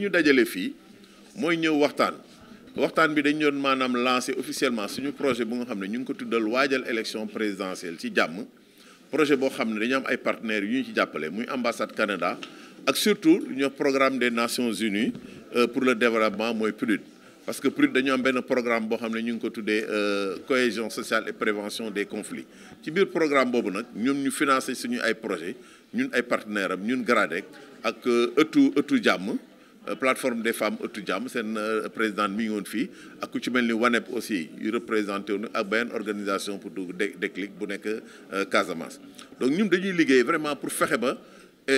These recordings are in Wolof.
ñu dajale fii mooy ñëw waxtaan waxtaan bi dañ doon maanaam lancé officiellement suñu projet bu nga xam ne ñu ngi ko tuddal waajal élection présidentielle ci jàmm projet boo xam ne dañu am ay partenaires yu ñu ci jàppale muy ambassade Canada ak surtout ñu programme des Nations Unies euh, pour le développement mooy PNUD parce que PRUD dañu am benn programme boo xam ne ñu ngi ko tuddee euh, cohésion sociale et prévention des conflits ci biir programme boobu nag ñoom ñu financé suñu ay projet ñun ay partenaires am ñun GRADEC ak euh, ëttu ëttu jàmm euh, plateforme des femmes ëttu jàmm seen président mi woon fii ak ku ci mel ni WANEP aussi yu représenté wu ak benn organisation pour dugg déclic bu nekk Casamance donc ñun dañuy liggéey vraiment pour fexe ba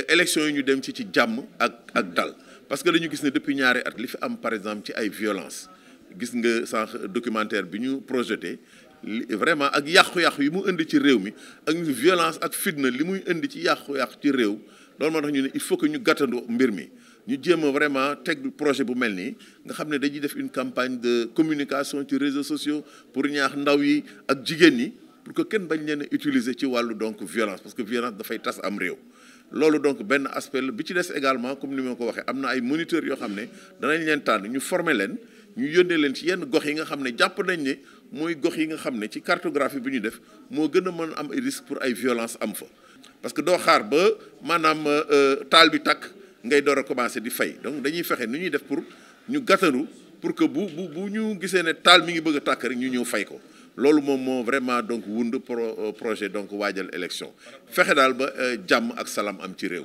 élection yi ñu dem ci ci jàmm ak ak dal parce que dañu gis ne depuis ñaari at li fi am par exemple ci ay violence gis nga sànq documentaire bi ñu projeté vraiment ak yàqu-yàqu yi mu indi ci réew mi ak ñu violence ak fitna li muy indi ci yàqu-yàqu ci réew loolu moo tax ñu ne il faut que ñu gàttandu mbir mi ñu jéem a vraiment teg projet bu mel nii nga xam ne dañuy def une campagne de communication ci réseaux sociaux pour ñaax ndaw yi ak jigéen ñi pour que kenn bañ leen a utiliser ci wàllu donc violence parce que violence dafay tas am réew loolu donc benn aspect la bi ci des également comme ni ma ko waxee am na ay moniteurs yoo xam ne danañ leen tànn ñu former leen ñu yónnee leen ci yenn gox yi nga xam ne jàpp nañ ne mooy gox yi nga xam ne ci cartographie bi ñu def moo gën a mën am ay pour ay violence am fa parce que doo xaar ba maanaam euh, taal bi takk ngay door a di fay donc dañuy fexe nu ñuy def pour ñu gàttaru pour que bu bu bu ñu gisee ne taal mi ngi bëgg tàkk rek ñu ñëw fay ko loolu moom moo vraiment donc wund pro euh, projet donc waajal élection fexe daal ba euh, jàmm ak salaam am ci réew